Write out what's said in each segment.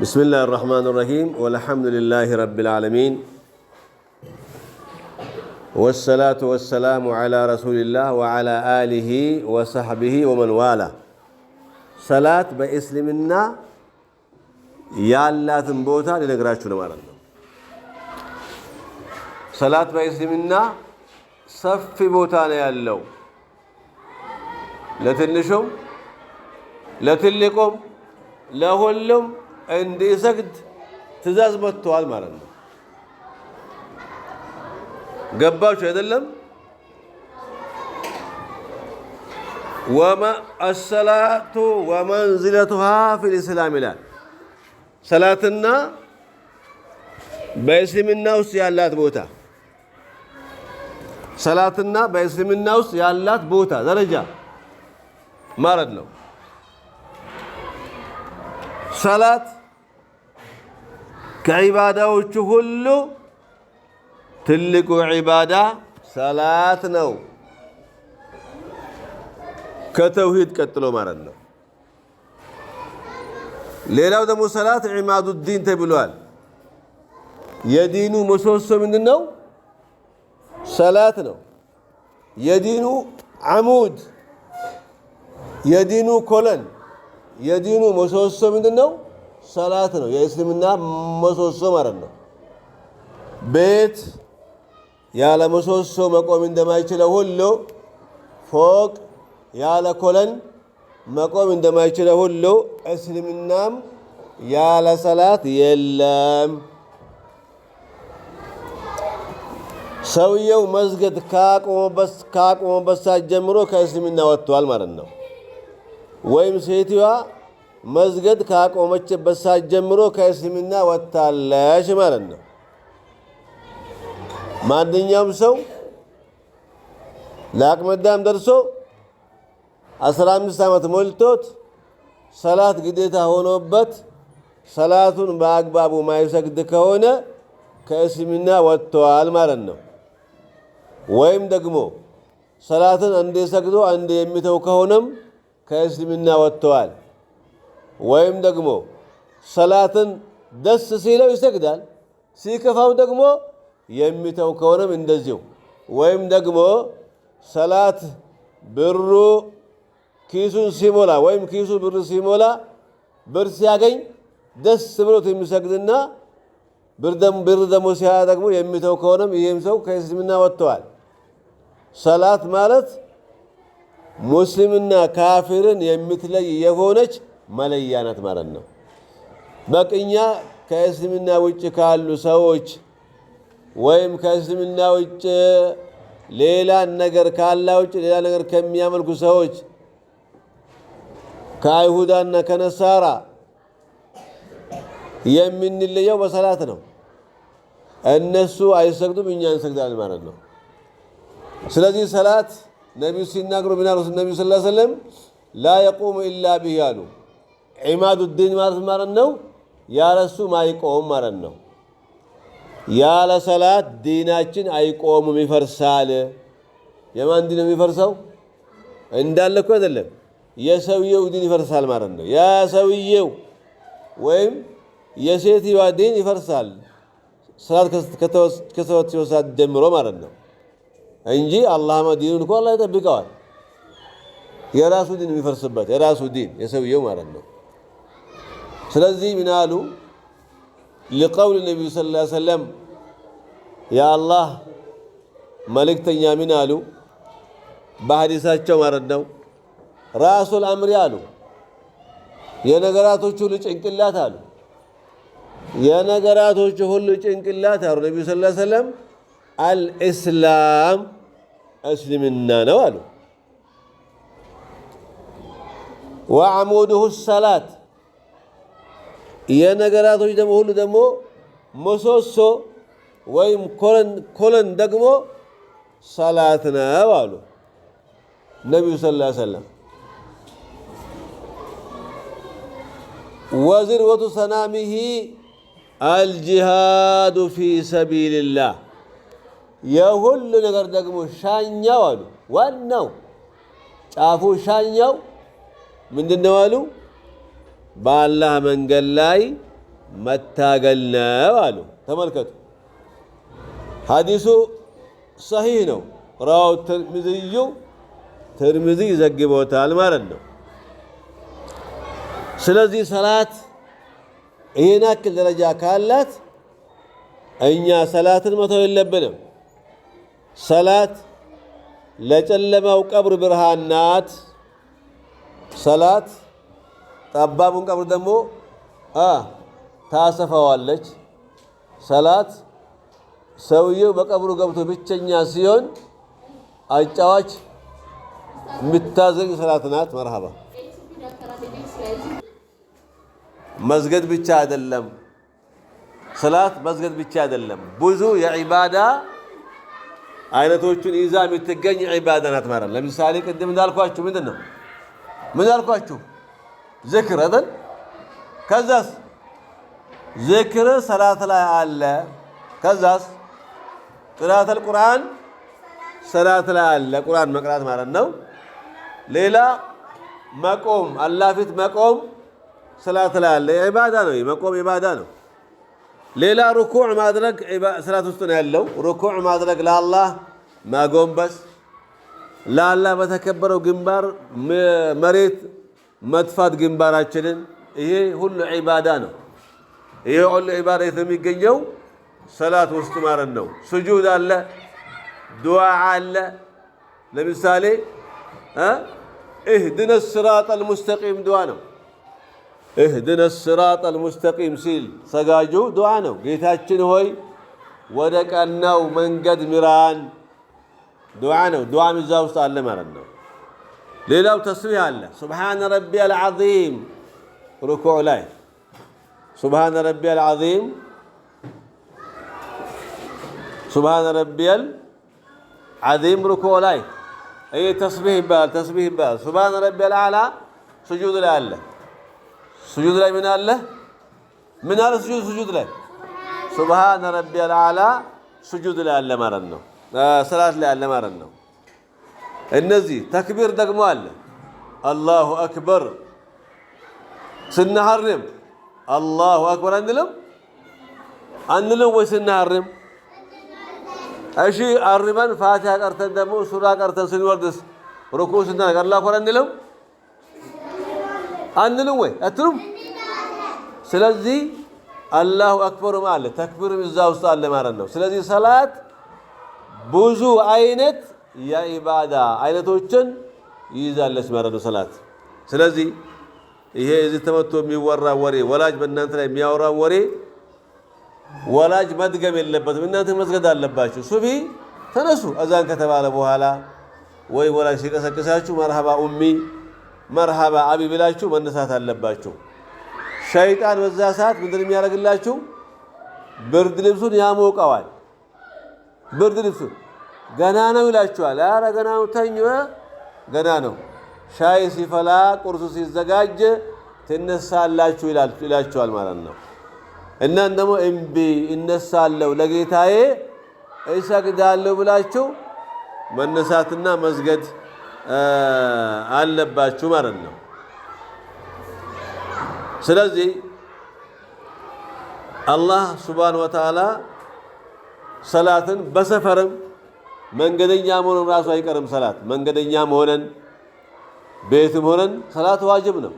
بسم الله الرحمن الرحيم والحمد لله رب العالمين والصلاة والسلام على رسول الله وعلى آله وصحبه ومن والاه ሰላት በእስልምና ያላትን ቦታ ሊነግራችሁ ነው ማለት ነው። ሰላት በእስልምና ሰፊ ቦታ ነው ያለው። ለትንሹም ለትልቁም ለሁሉም እንዲሰግድ ትእዛዝ መጥተዋል ማለት ነው። ገባችሁ አይደለም? አሰላቱ ወመንዝለቱሃ ፊል ኢስላም ይላል። ሰላትና በእስልምና ውስጥ ያላት ቦታ ሰላትና በእስልምና ውስጥ ያላት ቦታ ደረጃ ማለት ነው። ሰላት ከዒባዳዎቹ ሁሉ ትልቁ ዒባዳ ሰላት ነው። ከተውሂድ ቀጥሎ ማለት ነው። ሌላው ደግሞ ሰላት ዒማዱ ዲን ተብሏል። የዲኑ ምሰሶ ምንድን ነው? ሰላት ነው። የዲኑ ዓሙድ፣ የዲኑ ኮለን፣ የዲኑ ምሰሶ ምንድን ነው? ሰላት ነው፣ የእስልምና ምሰሶ ማለት ነው። ቤት ያለ መሶሶ መቆም እንደማይችለው ሁሉ ፎቅ ያለ ኮለን መቆም እንደማይችለው ሁሉ እስልምናም ያለ ሰላት የለም። ሰውየው መስገድ ካቆመበት ሰዓት ጀምሮ ከእስልምና ወጥቷል ማለት ነው። ወይም ሴትዋ መዝገድ ካቆመችበት ሰዓት ጀምሮ ከእስልምና ወጥታለች ማለት ነው። ማንኛውም ሰው ለአቅመ አዳም ደርሶ 15 ዓመት ሞልቶት ሰላት ግዴታ ሆኖበት ሰላቱን በአግባቡ ማይሰግድ ከሆነ ከእስልምና ወጥተዋል ማለት ነው። ወይም ደግሞ ሰላትን አንዴ ሰግዶ አንዴ የሚተው ከሆነም ከእስልምና ወጥተዋል። ወይም ደግሞ ሰላትን ደስ ሲለው ይሰግዳል፣ ሲከፋው ደግሞ የሚተው ከሆነም እንደዚሁ። ወይም ደግሞ ሰላት ብሩ ኪሱን ሲሞላ ወይም ኪሱ ብር ሲሞላ ብር ሲያገኝ ደስ ብሎት የሚሰግድና ብር ደግሞ ሲያ ደግሞ የሚተው ከሆነም ይህም ሰው ከእስልምና ወጥተዋል። ሰላት ማለት ሙስሊምና ካፊርን የምትለይ የሆነች መለያ ናት ማለት ነው። በቅኛ ከእስልምና ውጭ ካሉ ሰዎች ወይም ከእስልምና ውጭ ሌላ ነገር ካላ ውጭ ሌላ ነገር ከሚያመልኩ ሰዎች ከአይሁዳና ከነሳራ የምንለየው በሰላት ነው። እነሱ አይሰግዱም፣ እኛ እንሰግዳለን ማለት ነው። ስለዚህ ሰላት ነቢዩ ሲናገሩ ምናሉ ነቢዩ ስላ ሰለም ላ የቁሙ ኢላ ብህ አሉ። ዒማዱዲን ማለት ማለት ነው። ያለሱ አይቆም ማለት ነው። ያለ ሰላት ዲናችን አይቆምም፣ ይፈርሳል። የማን ዲን የሚፈርሰው እንዳለ እኮ አይደለም። የሰውየው ዲን ይፈርሳል ማለት ነው። የሰውየው ወይም የሴትዋ ዲን ይፈርሳል ሰላት ከተወት ሰዓት ጀምሮ ማለት ነው እንጂ አላህ ዲኑን እኮ አላህ ይጠብቀዋል። የራሱ ዲን የሚፈርስበት የራሱ ዲን የሰውየው ማለት ነው። ስለዚህ ምናሉ አሉ? ሊቀውል ነቢዩ ሰለላሁ ዐለይሂ ወሰለም የአላህ መልእክተኛ ምን አሉ? በሀዲሳቸው ማለት ነው። ራሱል አምሪ አሉ፣ የነገራቶች ሁሉ ጭንቅላት አሉ፣ የነገራቶች ሁሉ ጭንቅላት አሉ። ነቢዩ ሰለላሁ ዐለይሂ አልእስላም እስልምና ነው አሉ። ወዐሙዱሁ ሰላት የነገራቶች ደግሞ ሁሉ ደግሞ ምሰሶ ወይም ኮለን ደግሞ ሰላት ነው አሉ ነቢዩ ሰለላሁ ዐለይሂ ወዝርወቱ ሰናሚሂ አልጅሃዱ ፊ ሰቢልላህ የሁሉ ነገር ደግሞ ሻኛው አሉ። ዋናው ጫፉ ሻኛው ምንድነው አሉ በአላህ መንገድ ላይ መታገል ነው አሉ። ተመልከቱ፣ ሀዲሱ ሰሂህ ነው። ረዋው ትርሚዝዩ ትርሚዚ ይዘግቦታል ማለት ነው። ስለዚህ ሰላት ይህን አክል ደረጃ ካላት እኛ ሰላትን መተው የለብንም። ሰላት ለጨለማው ቀብር ብርሃን ናት። ሰላት ጠባቡን ቀብር ደግሞ ታሰፋዋለች። ሰላት ሰውየው በቀብሩ ገብቶ ብቸኛ ሲሆን አጫዋች የምታዘኝ ሰላት ናት። መርሃባ መስገድ ብቻ አይደለም፣ ሰላት መስገድ ብቻ አይደለም። ብዙ የዒባዳ አይነቶቹን ይዛ የምትገኝ ዒባዳ ናት ማለት። ለምሳሌ ቅድም እንዳልኳችሁ ምንድን ነው ምን አልኳችሁ? ዝክረትን ከዛስ ዝክር ሰላት ላይ አለ። ከዛስ ቅራአተል ቁርአን ሰላት ላይ አለ። ቁርአን መቅራት ማለት ነው። ሌላ መቆም አላህ መቆም ሰላት ላይ አለ። ኢባዳ ነው። መቆም ኢባዳ ነው። ሌላ ሩኩዕ ማድረግ ሰላት ውስጥ ነው ያለው። ሩኩዕ ማድረግ ለአላህ ማጎንበስ፣ ለአላህ በተከበረው ግንባር መሬት መጥፋት ግንባራችንን። ይሄ ሁሉ ዒባዳ ነው። ይሄ ሁሉ ዒባዳ የሚገኘው ሰላት ውስጥ ማለት ነው። ስጁድ አለ፣ ዱዓ አለ። ለምሳሌ እህድነ ስራጥ አልሙስተቂም ዱዓ ነው። እህድነ ስራጥ አልሙስተቂም ሲል ሰጋጁ ዱዓ ነው። ጌታችን ሆይ ወደ ቀናው መንገድ ምራን ዱዓ ነው። ዱዓም እዛ ውስጥ አለ ማለት ነው። ليلة وتسويها الله سبحان ربي العظيم ركوع لاي سبحان ربي العظيم سبحان ربي العظيم ركوع لاي اي تسبيح بال تسبيح بال سبحان ربي الاعلى سجود لله سجود لي من الله من الله سجود سجود لي سبحان ربي الاعلى سجود لله مرنه آه صلاه لله مرنه እነዚህ ተክቢር ደግሞ አለ። አላሁ አክበር ስናሐርም አላሁ አክበር አንልም አንልም ወይ ስናሐርም? እሺ አርመን ፋቲሃ ቀርተን ደግሞ ሱራ ቀርተን ስንወርድስ ሩኩ ስናደርግ አላሁ አክበር አንልም አንልም ወይ አትሉም? ስለዚህ አላሁ አክበርም አለ ተክቢርም እዛ ውስጥ አለ ማለት ነው። ስለዚህ ሰላት ብዙ አይነት የኢባዳ አይነቶችን ይይዛለች ማለት ነው ሰላት። ስለዚህ ይሄ እዚህ ተመቶ የሚወራ ወሬ ወላጅ በእናንተ ላይ የሚያወራ ወሬ ወላጅ መድገም የለበትም። እናንተ መስገድ አለባችሁ። ሱብሂ ተነሱ አዛን ከተባለ በኋላ ወይ ወላጅ ሲቀሰቅሳችሁ መርሃባ ኡሚ መርሃባ አቢ ብላችሁ መነሳት አለባችሁ። ሸይጣን በዛ ሰዓት ምንድን የሚያደርግላችሁ? ብርድ ልብሱን ያሞቀዋል። ብርድ ልብሱን ገና ነው ይላችኋል። ኧረ ገና ነው ተኝ፣ ገና ነው። ሻይ ሲፈላ ቁርሱ ሲዘጋጅ ትነሳላችሁ ይላችኋል ማለት ነው። እናን ደግሞ እምቢ እነሳለሁ ለጌታዬ እሰግዳለሁ ብላችሁ መነሳትና መስገድ አለባችሁ ማለት ነው። ስለዚህ አላህ ሱብሓነሁ ወተዓላ ሰላትን በሰፈርም መንገደኛ መሆኑን ራሱ አይቀርም ሰላት። መንገደኛ ሆነን ቤትም ሆነን ሰላት ዋጅብ ነው።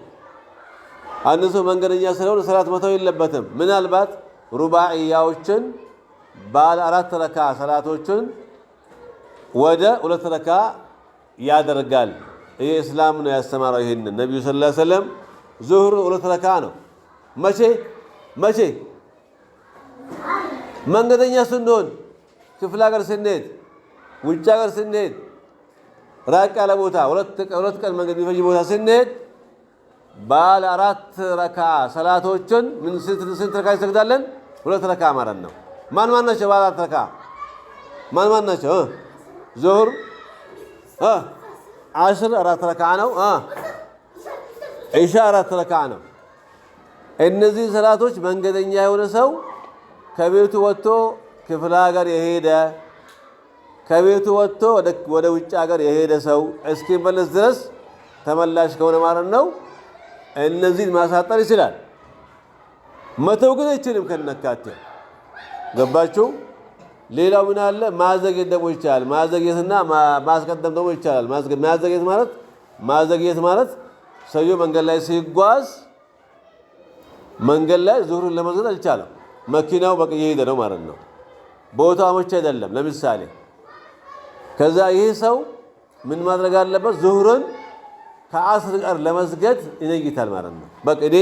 አንድ ሰው መንገደኛ ስለሆነ ሰላት መተው የለበትም። ምናልባት ሩባዕያዎችን ባለ አራት ረካ ሰላቶችን ወደ ሁለት ረካ ያደርጋል። ይህ እስላም ነው ያስተማረው። ይህንን ነቢዩ ስላ ሰለም ዙሁር ሁለት ረካ ነው። መቼ መቼ መንገደኛ ስንሆን ክፍለ ሀገር ስንሄድ ውጭ ሀገር ስንሄድ ራቅ ያለ ቦታ ሁለት ቀን መንገድ የሚፈጅ ቦታ ስንሄድ ባለ አራት ረካ ሰላቶችን ስንት ረካ ይሰግዳለን? ሁለት ረካ ማለት ነው። ማን ማን ናቸው? ባለ አራት ረካ ማን ማን ናቸው? ዞሁር አስር አራት ረካ ነው። ኢሻ አራት ረካ ነው። እነዚህ ሰላቶች መንገደኛ የሆነ ሰው ከቤቱ ወጥቶ ክፍለ ሀገር የሄደ ከቤቱ ወጥቶ ወደ ውጭ ሀገር የሄደ ሰው እስኪመለስ ድረስ ተመላሽ ከሆነ ማለት ነው እነዚህን ማሳጠር ይችላል። መተው ግን አይችልም። ከነካቴ ገባችሁ? ሌላው ምን አለ? ማዘግየት ደግሞ ይቻላል። ማዘግየትና ማስቀደም ደግሞ ይቻላል። ማዘግየት ማለት ማዘግየት ማለት ሰውየው መንገድ ላይ ሲጓዝ መንገድ ላይ ዙሩን ለመስገድ አልቻለም። መኪናው በቀየ ሄደ ነው ማለት ነው። ቦታ አመች አይደለም። ለምሳሌ ከዛ ይህ ሰው ምን ማድረግ አለበት? ዙሁርን ከአስር ጋር ለመስገድ ይነይታል ማለት ነው። በቅዴ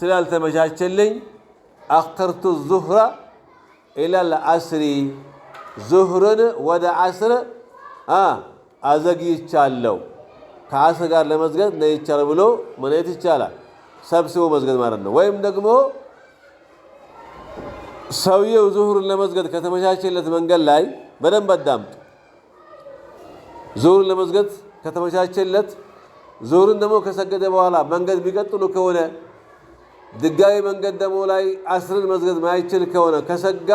ስላልተመቻቸልኝ አክተርቱ ዙሁረ ኢላል አስሪ ዙሁርን ወደ አስር አዘግይቻለሁ ከአስር ጋር ለመስገድ ነይቻለ ብሎ መለየት ይቻላል። ሰብስቦ መስገድ ማለት ነው። ወይም ደግሞ ሰውየው ዙሁርን ለመስገድ ከተመቻቸለት መንገድ ላይ በደንብ አዳምጡ። ዙሁርን ለመስገድ ከተመቻቸለት ዙሁርን ደግሞ ከሰገደ በኋላ መንገድ የሚቀጥሉ ከሆነ ድጋሚ መንገድ ደግሞ ላይ አስርን መስገድ ማይችል ከሆነ ከሰጋ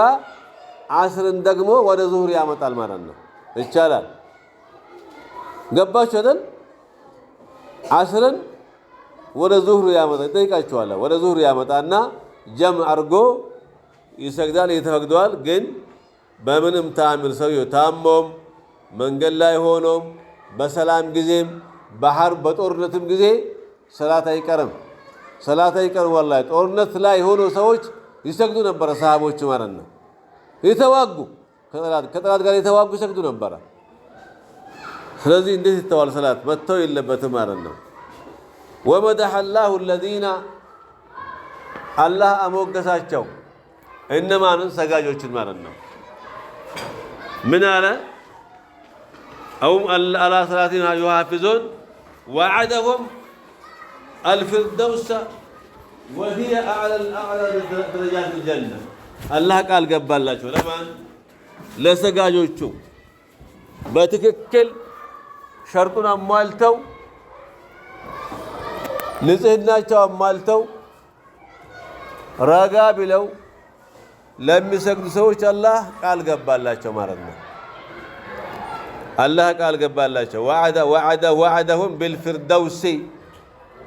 አስርን ደግሞ ወደ ዙሁር ያመጣል ማለት ነው። ይቻላል። ገባችሁ አይደል? አስርን ወደ ዙሁር ያመጣ ይጠይቃችኋል። ወደ ዙሁር ያመጣና ጀም አድርጎ ይሰግዳል። የተፈቅደዋል። ግን በምንም ታምር ሰው ታሞም መንገድ ላይ ሆኖም በሰላም ጊዜም ባህር በጦርነትም ጊዜ ሰላት አይቀርም። ሰላት አይቀርም። ወላሂ ጦርነት ላይ ሆኖ ሰዎች ይሰግዱ ነበረ፣ ሰሃቦች ማለት ነው። የተዋጉ ከጠላት ጋር የተዋጉ ይሰግዱ ነበረ። ስለዚህ እንዴት ይተዋል ሰላት? መተው የለበትም ማለት ነው። ወመደሐ ላሁ ለዚነ አላህ አሞገሳቸው እነማንን? ሰጋጆችን ማለት ነው። ምን አለ አውም አላ ሰላቲና ዩሃፊዞን ወዐደሁም አልፊርደውሰ ወሂየ አዕላ ደረጃት ጀነ አላህ ቃል ገባላቸው። ለማን ለሰጋጆቹ በትክክል ሸርጡን አሟልተው ንጽህናቸው አሟልተው ረጋ ብለው ለሚሰግዱ ሰዎች አላህ ቃል ገባላቸው ማለት ነው። አላህ ቃል ገባላቸው። ወዐደሁም ቢልፊርደውሲ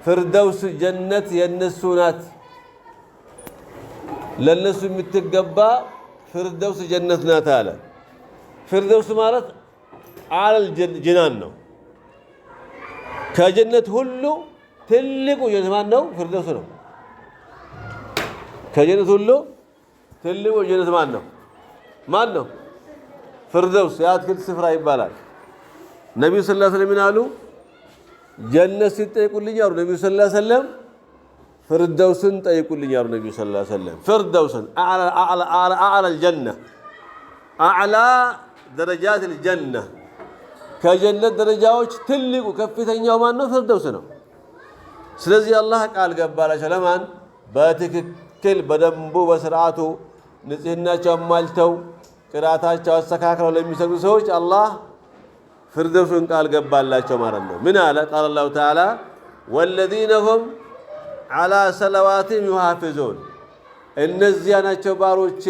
ፍርደውስ ጀነት የነሱ ናት። ለነሱ የምትገባ ፍርደውስ ጀነት ናት አለ። ፊርደውስ ማለት አለል ጅናን ነው። ከጀነት ሁሉ ትልቁ ጀነት ማን ነው? ፊርደውስ ነው። ከጀነት ሁሉ ትልቁ ጀነት ማን ነው? ማን ነው? ፍርደውስ የአትክልት ስፍራ ይባላል። ነቢዩ ሰለላሁ ዐለይሂ ወሰለም አሉ? ጀነት ሲጠይቁልኝ አሉ ነቢዩ ሰለላሁ ዐለይሂ ወሰለም ፍርደውስን ጠይቁልኝ አሉ ነቢዩ ሰለላሁ ዐለይሂ ወሰለም ፍርደውስን አዕላ ጀነ አዕላ ደረጃት ልጀነ ከጀነት ደረጃዎች ትልቁ ከፍተኛው ማን ነው? ፍርደውስ ነው። ስለዚህ አላህ ቃል ገባላቸው ለማን በትክክል በደንቡ በስርዓቱ ንጽህናቸው አሟልተው ቅራታቸው አስተካክለው ለሚሰግዱ ሰዎች አላህ ፍርደሱን ቃል ገባላቸው ማለት ነው። ምን አለ? ቃል አላሁ ተዓላ ወለዚነ ሁም ዓላ ሰለዋትም ዩሃፊዙን እነዚያ ናቸው ባሮቼ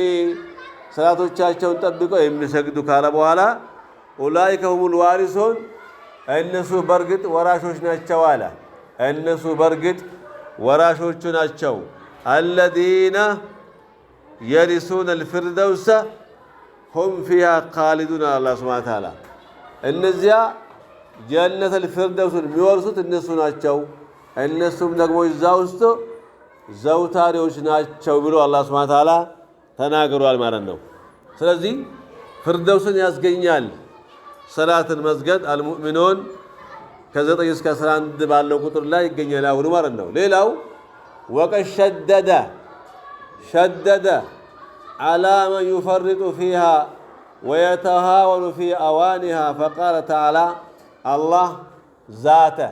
ሰላቶቻቸውን ጠብቀው የሚሰግዱ ካለ በኋላ ኡላኢከ ሁም ዋሪሶን እነሱ በርግጥ ወራሾች ናቸው አለ። እነሱ በርግጥ ወራሾቹ ናቸው። አለዚነ የሪሱን ልፍርደውሰ ሁም ፊሃ ካሊዱን አላ ስብሃነ ተዓላ እነዚያ ጀነተል ፊርደውስን የሚወርሱት እነሱ ናቸው፣ እነሱም ደግሞ እዛ ውስጥ ዘውታሪዎች ናቸው ብሎ አላ ስብሃነ ተዓላ ተናግሯል ማለት ነው። ስለዚህ ፊርደውስን ያስገኛል ሰላትን መስገድ አልሙእሚኖን ከዘጠኝ እስከ አስራ አንድ ባለው ቁጥር ላይ ይገኛል አሁኑ ማለት ነው። ሌላው ወቀድ ሸደደ ሸደደ على من يفرط فيها ويتهاون في أوانها فقال تعالى الله ذاته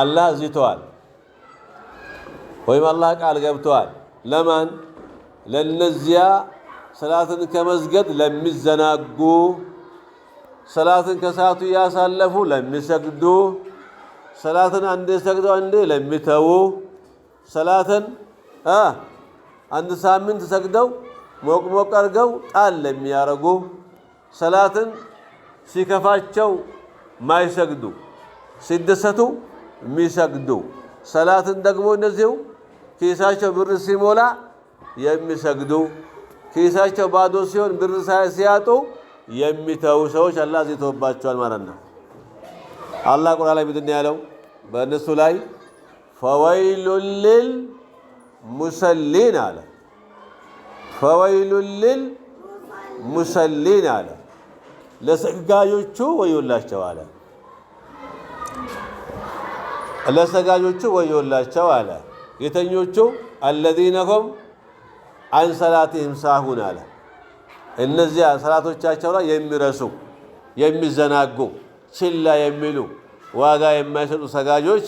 الله زيتوال ወይም አላህ ቃል ገብተዋል። ለማን ለነዚያ ሰላትን ከመስገድ ለሚዘናጉ ሰላትን ከሰዓቱ እያሳለፉ ለሚሰግዱ ሰላትን አንዴ ሰግደው አንዴ ለሚተዉ ሰላትን አንድ ሳምንት ሰግደው ሞቅ ሞቅ አድርገው ጣል ለሚያረጉ ሰላትን ሲከፋቸው ማይሰግዱ ሲደሰቱ የሚሰግዱ ሰላትን ደግሞ እነዚሁ ኪሳቸው ብር ሲሞላ የሚሰግዱ ኪሳቸው ባዶ ሲሆን ብር ሲያጡ የሚተው ሰዎች አላህ ዜቶባቸዋል ማለት ነው። አላህ ቁርአን ላይ ምንድን ያለው በእነሱ ላይ ፈወይሉ ሊል ሙሰሊን አለ። ፈወይሉን ልል ሙሰሊን አለ። ለሰጋጆቹ ወዮላቸው አለ። ለሰጋጆቹ ወዮላቸው አለ። የተኞቹ አለዚነ ሁም አን ሰላትህም ሳሁን አለ። እነዚያ ሰላቶቻቸው ላይ የሚረሱ የሚዘናጉ፣ ችላ የሚሉ ዋጋ የማይሰጡ ሰጋጆች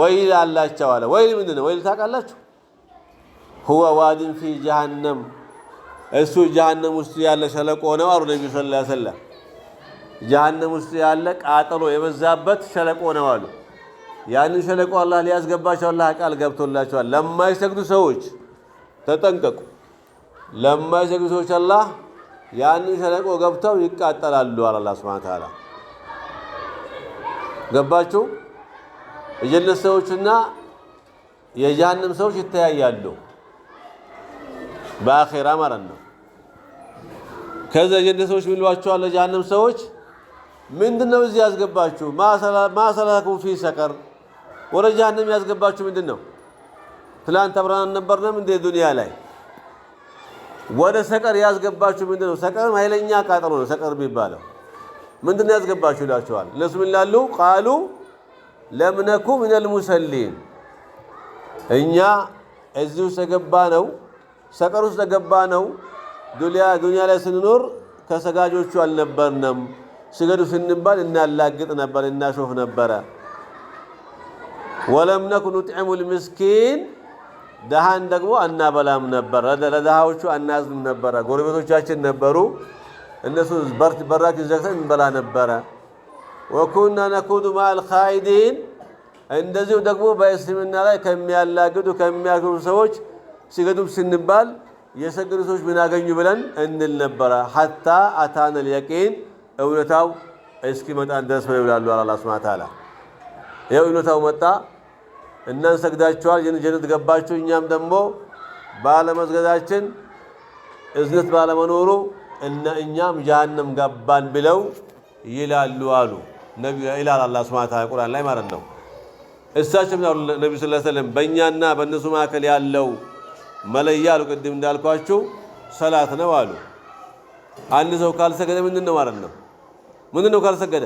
ወይል አላቸው አለ። ወይል ምንድን ነው? ወይል ታውቃላችሁ? ሁወ ዋድን ፊ ጀሃነም እሱ ጀሃነም ውስጥ ያለ ሸለቆ ነው አሉ ነቢዩ ሰለላሁ ዐለይሂ ወሰለም። ጀሃነም ውስጥ ያለ ቃጠሎ የበዛበት ሸለቆ ነው አሉ። ያንን ሸለቆ አላህ ሊያስገባቸው አላህ ቃል ገብቶላቸዋል። ለማይሰግዱ ሰዎች ተጠንቀቁ። ለማይሰግዱ ሰዎች አላህ ያንን ሸለቆ ገብተው ይቃጠላሉ አለ አላህ ሱብሓነሁ ወተዓላ። ገባችሁ? የጀነት ሰዎችና የጀሃነም ሰዎች ይተያያሉ። በአኼራ ማለት ነው። ከዚ የጀነት ሰዎች ሚሏቸዋል ለጀሃነም ሰዎች ምንድን ነው እዚህ ያስገባችሁ? ማሰላኩም ፊ ሰቀር ወደ ጀሃነም ያስገባችሁ ምንድን ነው? ትላንት አብረን ነበርንም እንደ ዱንያ ላይ ወደ ሰቀር ያስገባችሁ ምንድን ነው? ሰቀርም ኃይለኛ ቃጠሎ ነው። ሰቀር የሚባለው ምንድን ነው ያስገባችሁ ይላቸዋል። እነሱ ምን ላሉ ቃሉ ለምነኩ ሚነል ሙሰሊን እኛ እዚህ ውስጥ የገባ ነው ሰቀር ውስጥ ተገባ ነው። ዱንያ ላይ ስንኖር ከሰጋጆቹ አልነበርንም። ስገዱ ስንባል እናላግጥ ነበር፣ እናሾፍ ነበረ። ወለም ነኩ ኑጥዕሙ ልምስኪን ደሃን ደግሞ አናበላም ነበር። ለደሃዎቹ አናዝንም ነበረ። ጎረቤቶቻችን ነበሩ፣ እነሱ በራችን ዘግተን እንበላ ነበረ። ወኩና ነኩዱ ማአል እንደዚሁ ደግሞ በእስልምና ላይ ከሚያላግዱ ከሚያግሩ ሰዎች ሲገዱም ስንባል የሰገዱ ሰዎች ምን አገኙ ብለን እንል ነበረ። ሐታ አታነል የቂን እውነታው እስኪመጣን ድረስ ነው ይብላሉ አላህ ሱብሓነሁ ወተዓላ። ይኸው እውነታው መጣ። እናንተ ሰግዳችኋል፣ ጀነት ገባችሁ። እኛም ደግሞ ባለመስገዳችን እዝነት ባለመኖሩ እና እኛም ጀሃነም ገባን ብለው ይላሉ አሉ ነቢ ይላል አላህ ሱብሓነሁ ወተዓላ ቁርአን ላይ ማለት ነው። እሳቸው ነቢ ሰለላሁ ዐለይሂ ወሰለም በእኛና በእነሱ መካከል ያለው መለያ አሉ። ቅድም እንዳልኳችሁ ሰላት ነው አሉ። አንድ ሰው ካልሰገደ ምንድን ነው ማለት ነው? ምንድን ነው ካልሰገደ?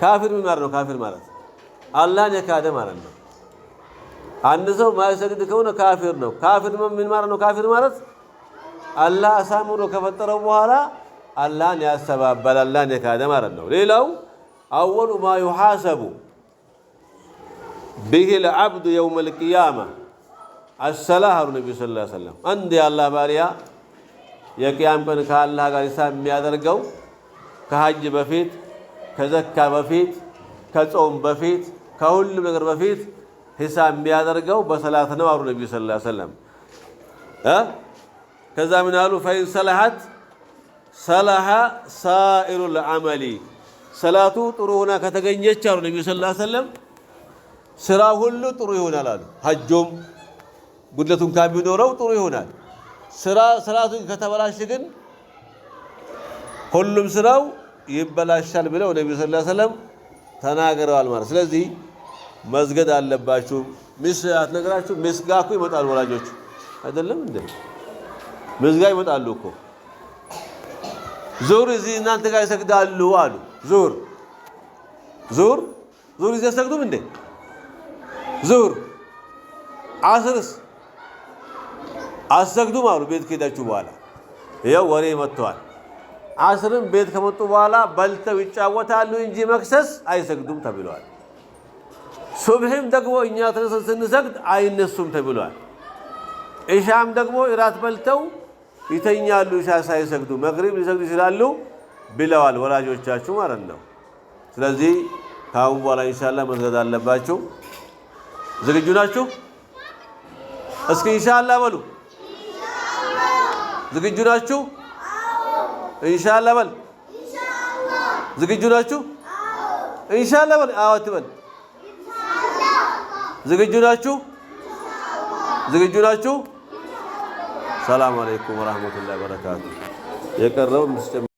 ካፊር ምን ማለት ነው? ካፊር ማለት አላህን የካደ ማለት ነው። አንድ ሰው ማይሰግድ ከሆነ ካፊር ነው። ካፊር ምን ማለት ነው? ካፊር ማለት አላህ አሳምሮ ከፈጠረው በኋላ አላህን ያስተባበለ አላህን የካደ ማለት ነው። ሌላው አወሉ ማ ዩሓሰቡ ቢሂል አብዱ የውመል ቂያማ አሰላህ አሉ ነቢዩ ሰለላሁ ዐለይሂ ወሰለም። አንድ የአላህ ባሪያ የቅያም ቀን ከአላህ ጋር ሂሳብ የሚያደርገው ከሀጅ በፊት፣ ከዘካ በፊት፣ ከጾም በፊት፣ ከሁሉም ነገር በፊት ሂሳብ የሚያደርገው በሰላት ነው አሉ ነቢዩ ሰለላሁ ዐለይሂ ከዛ ምን አሉ? ፈኢን ሰለሐት ሰለሐ ሳኢሩል ዐመሊ ሰላቱ ጥሩ ሆና ከተገኘች አሉ ነቢዩ ሰለላሁ ዐለይሂ ስራ ሁሉ ጥሩ ይሆናል አሉ። ሀጆም ጉድለቱን ቢኖረው ጥሩ ይሆናል። ስራ ስራቱ ከተበላሽ ግን ሁሉም ስራው ይበላሻል ብለው ነቢዩ ሰለላሁ ዐለይሂ ወሰለም ተናግረዋል ማለት። ስለዚህ መዝገድ አለባችሁ። ሚስ አትነግራችሁ ሚስ ጋ እኮ ይመጣሉ ወላጆች አይደለም እንደ ሚስ ጋ ይመጣሉ እኮ ዙር እዚህ እናንተ ጋር ይሰግዳሉ አሉ። ዙር ዙር ዙር እዚህ ያሰግዱም እንዴ? ዙር አስርስ አሰግዱም አሉ ቤት ከሄዳችሁ በኋላ ያው ወሬ መጥተዋል። አስርም ቤት ከመጡ በኋላ በልተው ይጫወታሉ እንጂ መክሰስ አይሰግዱም ተብሏል። ሱብህም ደግሞ እኛ ተነስተን ስንሰግድ አይነሱም ተብሏል። ኢሻም ደግሞ እራት በልተው ይተኛሉ፣ ኢሻ ሳይሰግዱ መግሪብ ሊሰግዱ ይችላሉ ብለዋል ወላጆቻችሁ ማለት ነው። ስለዚህ ካሁን በኋላ ኢንሻአላህ መስገድ አለባችሁ። ዝግጁ ናችሁ? እስኪ ኢንሻአላህ በሉ። ዝግጁ ናችሁ? ኢንሻአላህ በል። ዝግጁ ናችሁ? ኢንሻአላህ በል። አዎ አትበል። ዝግጁ ናችሁ? ዝግጁ ናችሁ? ሰላም አለይኩም ወራህመቱላሂ ወበረካቱ። የቀረው